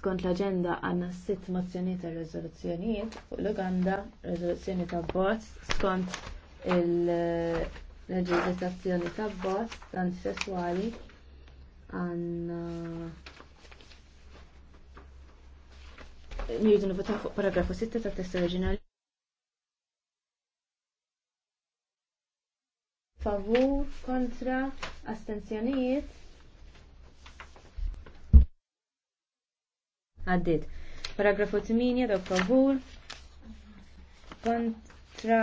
Skont l-agenda għanna sitt mozzjoni ta' rezoluzzjonijiet fuq l-Uganda, rezoluzzjoni ta' bots, skont il-leġislazzjoni ta' bots antisessuali għanna nirridu nivota fuq paragrafu 6 ta' test oriġinali. Favur, kontra, astenzjonijiet. għaddit. Paragrafu 8 dawk favur kontra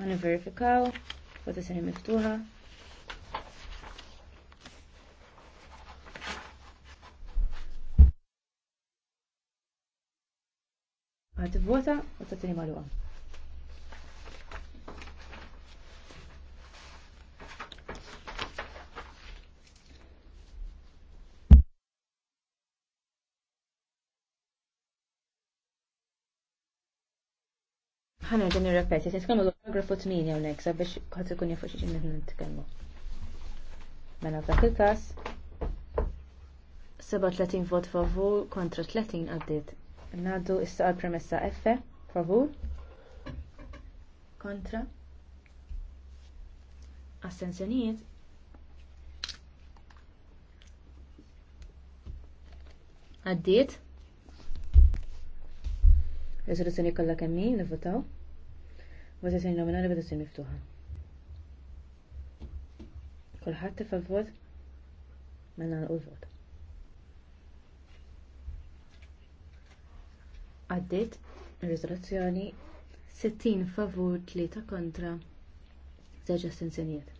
għana verifikaw votazzjoni miftuħa. Għad vota, għam ħana din repeti, t-tkellmu l t-minja 8 hawnhekk biex ħadd ikun jafu xi t nitkellmu. Mela f'dak il kas 37 vot favur kontra 30 għaddit. Naddu issa għal premessa F favur kontra assenzjoniet għaddit 37 Risoluzzjoni kollha kemm hi li votaw. Votazzjoni nominali votazzjoni miftuħa. Kolħat tifa' vot mela nagħlqu l-vot. Għaddiet ir-riżoluzzjoni 60 favur 3 kontra żewġ assenzjoniet.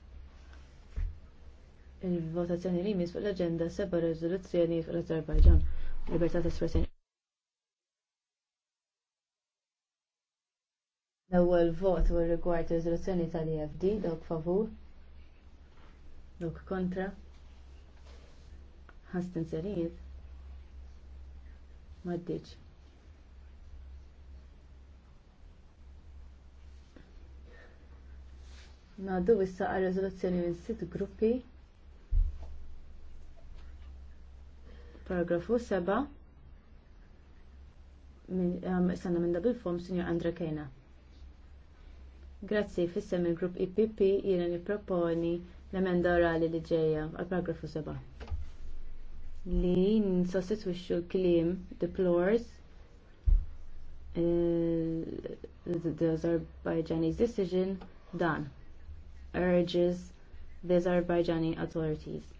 Il-votazzjoni li mis fuq l agenda seba' riżoluzzjoni fuq l-Azerbajġan. Libertà ta' espressjoni. L-ewwel vot wir rigward riżoluzzjoni tal-EFD dawk favur. Dawk kontra. Ħastin serijiet. Maddiċ. Nadu issa għal riżoluzzjoni minn sitt gruppi. Paragrafu 7. Sanna minn ehm, dabil fom, Sinjor Andra Kejna. Grazzi, fissem il-grupp IPP i-proponi l-emenda orali li ġeja għal paragrafu 7 li n nsostitwixxu l klim deplores eh, the Azerbaijani decision dan urges the Azerbaijani authorities.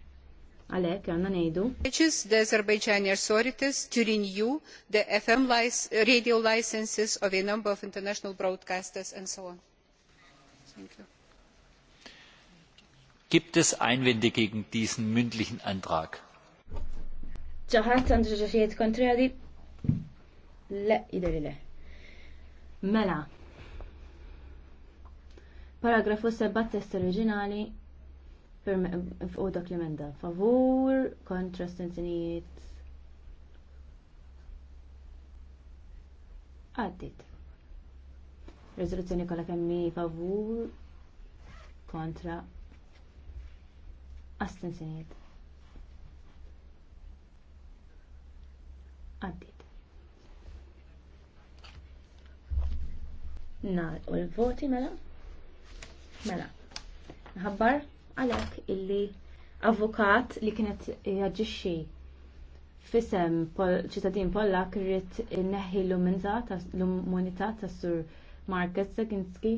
Alek, għanna nejdu. Urges the Azerbaijani authorities to renew the FM radio licenses of a number of international broadcasters and so on. Gibt es Einwände gegen diesen mündlichen Antrag? ċaħat Mela. Paragrafu 7 test Favur, kontra stenzinijiet. Għaddit. Rezoluzzjoni kolla kemmi favur kontra astensjoniet. Għaddit. Nar u l-voti mela? Mela. Nħabbar għalek illi avukat li kienet jaġixxi fisem ċittadin Pollak rrit neħi l-umunità tas-sur Market Zaginski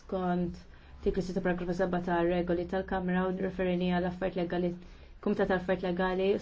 skont tiklu sita paragrafu sabba ta' regoli tal-Kamra u referini għal affert legali, kumta tal affert Legali